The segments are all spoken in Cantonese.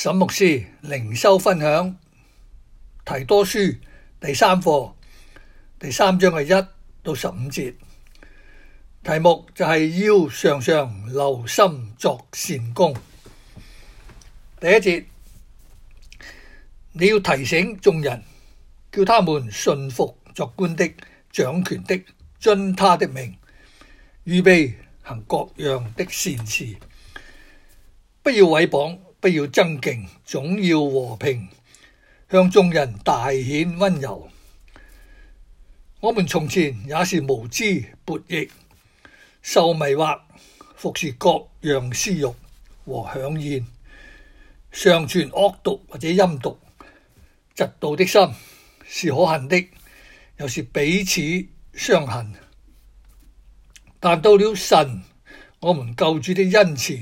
沈牧師靈修分享提多書第三課，第三章係一到十五節，題目就係要常常留心作善功。第一節，你要提醒眾人，叫他們順服作官的、掌權的，遵他的命，預備行各樣的善事，不要毀謗。不要爭競，總要和平，向眾人大顯温柔。我們從前也是無知、悖逆、受迷惑、服侍各樣私欲和宴樂，常存惡毒或者陰毒、嫉妒的心，是可恨的，又是彼此相恨。但到了神，我們救主的恩慈。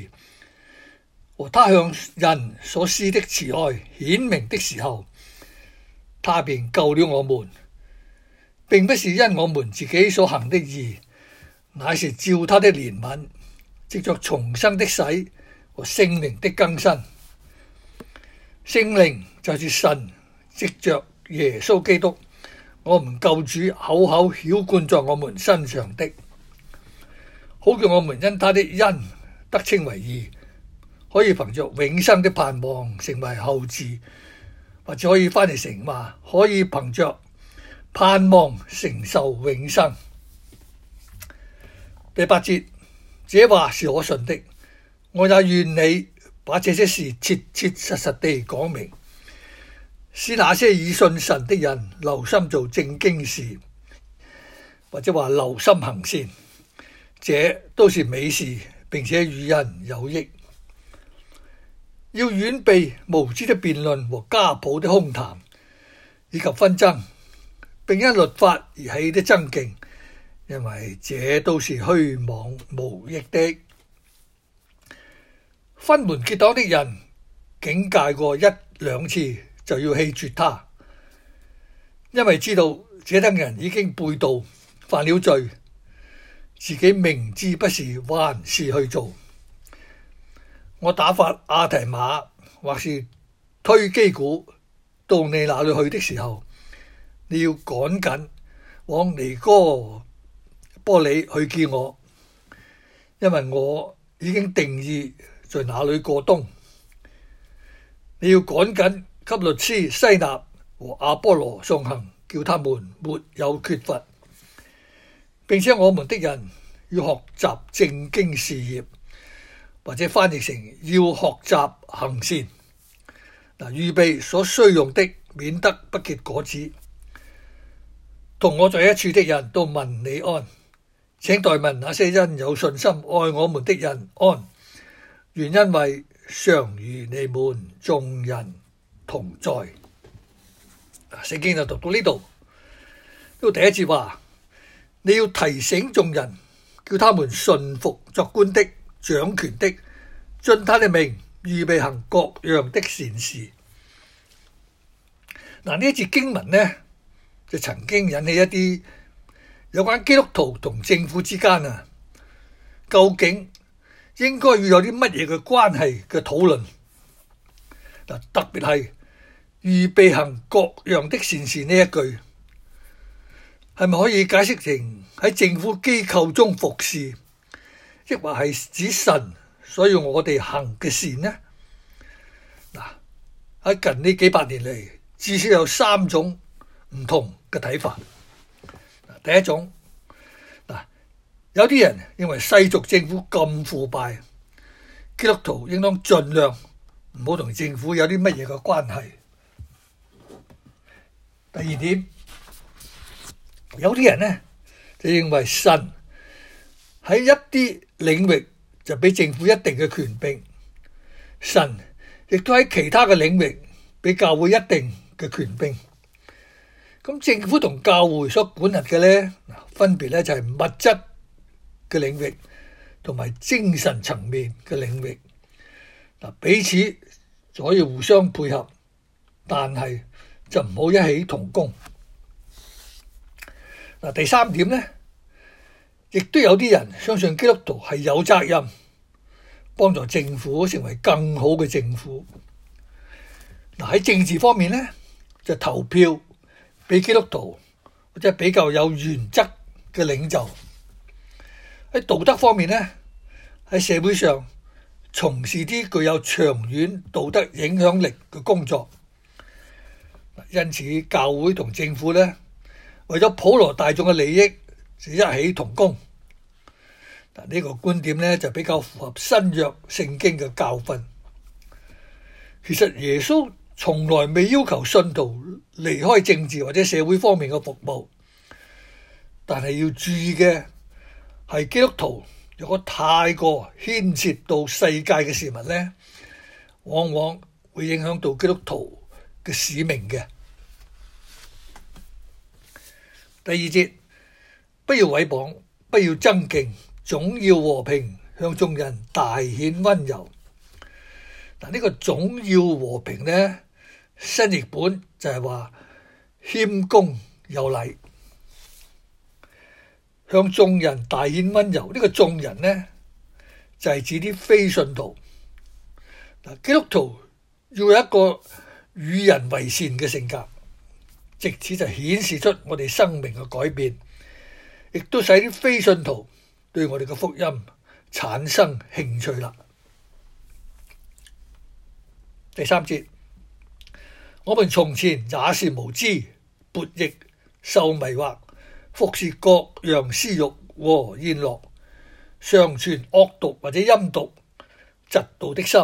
和他向人所施的慈愛顯明的時候，他便救了我們，並不是因我們自己所行的義，乃是照他的憐憫，藉着重生的洗和聖靈的更新。聖靈就是神藉着耶穌基督，我們救主口口曉灌在我們身上的，好叫我們因他的恩得稱為義。可以憑着永生的盼望成為後嗣，或者可以翻嚟成話，可以憑着盼望承受永生。第八節，這話是我信的，我也願你把這些事切切實實地講明，使那些已信神的人留心做正經事，或者話留心行善，這都是美事，並且與人有益。要遠避無知的辯論和家譜的空談，以及紛爭，並因律法而起的爭競，因為這都是虛妄無益的。分門結黨的人，警戒過一兩次就要棄絕他，因為知道這等人已經背道犯了罪，自己明知不是，還是去做。我打發阿提馬，或是推基古到你那裡去的時候，你要趕緊往尼哥波立去見我，因為我已經定意在那裡過冬。你要趕緊給律師西納和阿波羅送行，叫他們沒有缺乏，並且我們的人要學習正經事業。或者翻譯成要學習行善，嗱預備所需用的，免得不結果子。同我在一處的人都問你安，請代問那些因有信心愛我們的人安。願恩惠常與你們眾人同在。聖經就讀到呢度，都第一節話你要提醒眾人，叫他們順服作官的。掌權的遵他的命預備行各樣的善事。嗱呢一節經文呢，就曾經引起一啲有關基督徒同政府之間啊，究竟應該要有啲乜嘢嘅關係嘅討論。特別係預備行各樣的善事呢一句，係咪可以解釋成喺政府機構中服侍？即係話係指神，所以我哋行嘅善呢？嗱，喺近呢幾百年嚟，至少有三種唔同嘅睇法。第一種嗱，有啲人認為世俗政府咁腐敗，基督徒應當盡量唔好同政府有啲乜嘢嘅關係。第二點，有啲人呢就認為神。喺一啲領域就俾政府一定嘅權柄，神亦都喺其他嘅領域俾教會一定嘅權柄。咁政府同教會所管轄嘅呢，分別呢就係物質嘅領域同埋精神層面嘅領域。嗱，彼此就可以互相配合，但係就唔好一起同工。嗱，第三點呢。亦都有啲人相信基督徒係有責任幫助政府成為更好嘅政府。嗱，喺政治方面咧，就投票俾基督徒或者、即係、比較有原則嘅領袖；喺道德方面咧，喺社會上從事啲具有長遠道德影響力嘅工作。因此，教會同政府咧為咗普羅大眾嘅利益，就一起同工。呢個觀點咧就比較符合新約聖經嘅教訓。其實耶穌從來未要求信徒離開政治或者社會方面嘅服務，但係要注意嘅係基督徒如果太過牽涉到世界嘅事物咧，往往會影響到基督徒嘅使命嘅。第二節，不要毀謗，不要爭競。總要和平，向眾人大顯溫柔。嗱、啊、呢、這個總要和平呢，新譯本就係話謙恭有禮，向眾人大顯溫柔。呢、這個眾人呢，就係、是、指啲非信徒嗱、啊，基督徒要有一個與人為善嘅性格，借此就顯示出我哋生命嘅改變，亦都使啲非信徒。對我哋嘅福音產生興趣啦。第三節，我們從前也是無知、悖逆、受迷惑，服事各樣私欲和宴樂，常存惡毒或者陰毒、嫉妒的心，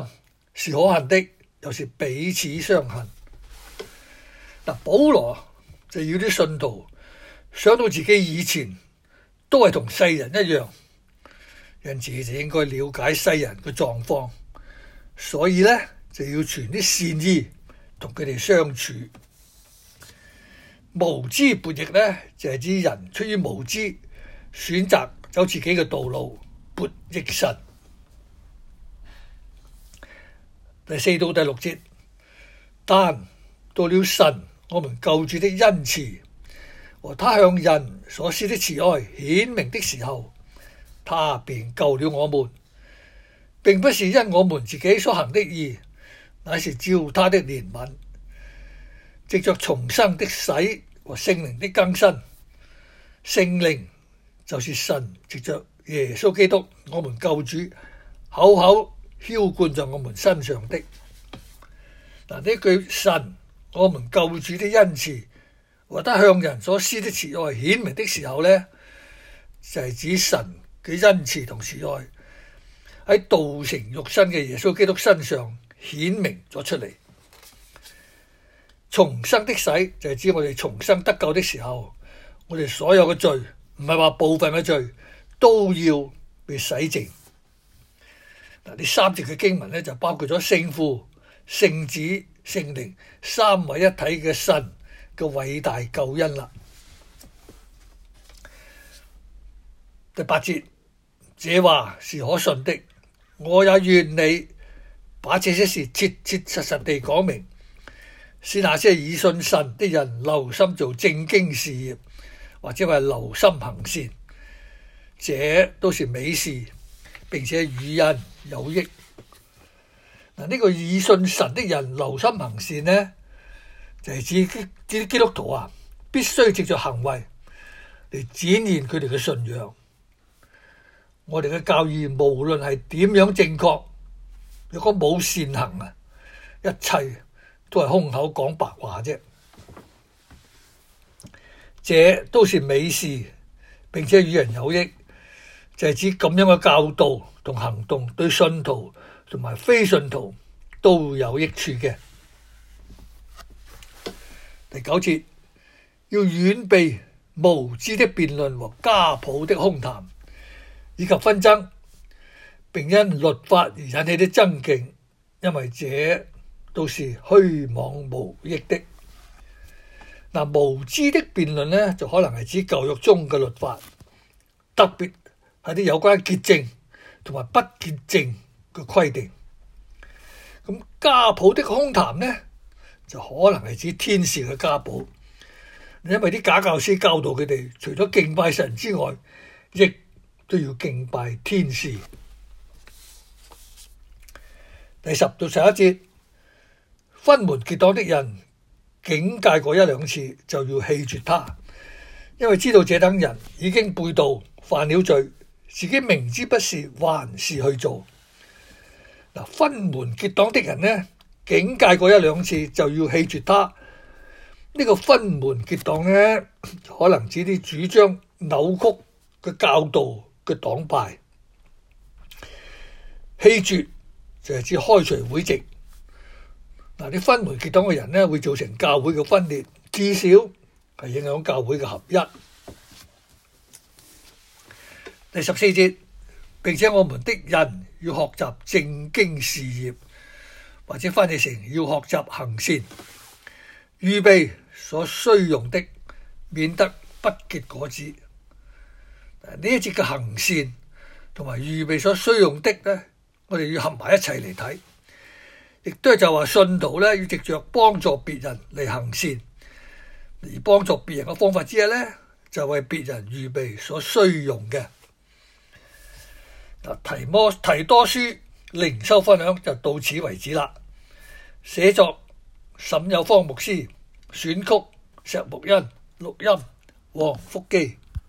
是可恨的，又是彼此相恨。嗱，保羅就要啲信徒想到自己以前都係同世人一樣。因此就應該了解世人嘅狀況，所以呢，就要傳啲善意同佢哋相處。無知叛逆呢，就係啲人出於無知選擇走自己嘅道路叛逆神。第四到第六節，但到了神我們救主的恩慈和他向人所施的慈愛顯明的時候。他便救了我們，並不是因我們自己所行的義，乃是照他的憐憫，藉着重生的洗和聖靈的更新。聖靈就是神藉着耶穌基督，我們救主口口澆灌在我們身上的。嗱，呢句神，我們救主的恩慈，或得向人所施的慈愛顯明的時候咧，就係、是、指神。佢恩慈同慈愛，喺道成肉身嘅耶穌基督身上顯明咗出嚟。重生的洗，就係、是、指我哋重生得救的時候，我哋所有嘅罪唔係話部分嘅罪都要被洗淨。嗱，呢三節嘅經文咧就包括咗聖父、聖子、聖靈三位一體嘅神嘅偉大救恩啦。第八節。這話是可信的，我也願你把這些事切切實實地講明，使那些以信神的人留心做正經事業，或者話留心行善，這都是美事，並且與人有益。嗱，呢個以信神的人留心行善呢，就係、是、指指啲基督徒啊，必須藉着行為嚟展現佢哋嘅信仰。我哋嘅教義無論係點樣正確，若果冇善行啊，一切都係空口講白話啫。這都是美事，並且與人有益，就係、是、指咁樣嘅教導同行動，對信徒同埋非信徒都有益處嘅。第九節要遠避無知的辯論和家譜的空談。以及紛爭，並因律法而引起啲爭競，因為這都是虛妄無益的。嗱，無知的辯論呢，就可能係指舊約中嘅律法，特別係啲有關潔淨同埋不潔淨嘅規定。咁家譜的空談呢，就可能係指天使嘅家譜，因為啲假教師教導佢哋，除咗敬拜神之外，亦都要敬拜天使。第十到十一節，分門結黨的人警戒過一兩次，就要棄絕他，因為知道這等人已經背道犯了罪，自己明知不是，還是去做。嗱，分門結黨的人呢，警戒過一兩次就要棄絕他。呢個分門結黨呢，可能指啲主張扭曲嘅教導。嘅黨派，棄絕就係指開除會籍。嗱，你分門結黨嘅人咧，會造成教會嘅分裂，至少係影響教會嘅合一。第十四節，並且我們的人要學習正經事業，或者翻譯成要學習行善，預備所需用的，免得不結果子。呢一節嘅行善同埋預備所需用的呢，我哋要合埋一齊嚟睇，亦都係就話信徒呢要藉著幫助別人嚟行善，而幫助別人嘅方法之一呢，就為別人預備所需用嘅。嗱，提多提多書靈修分享就到此為止啦。寫作沈有方牧師，選曲石木欣，錄音黃福基。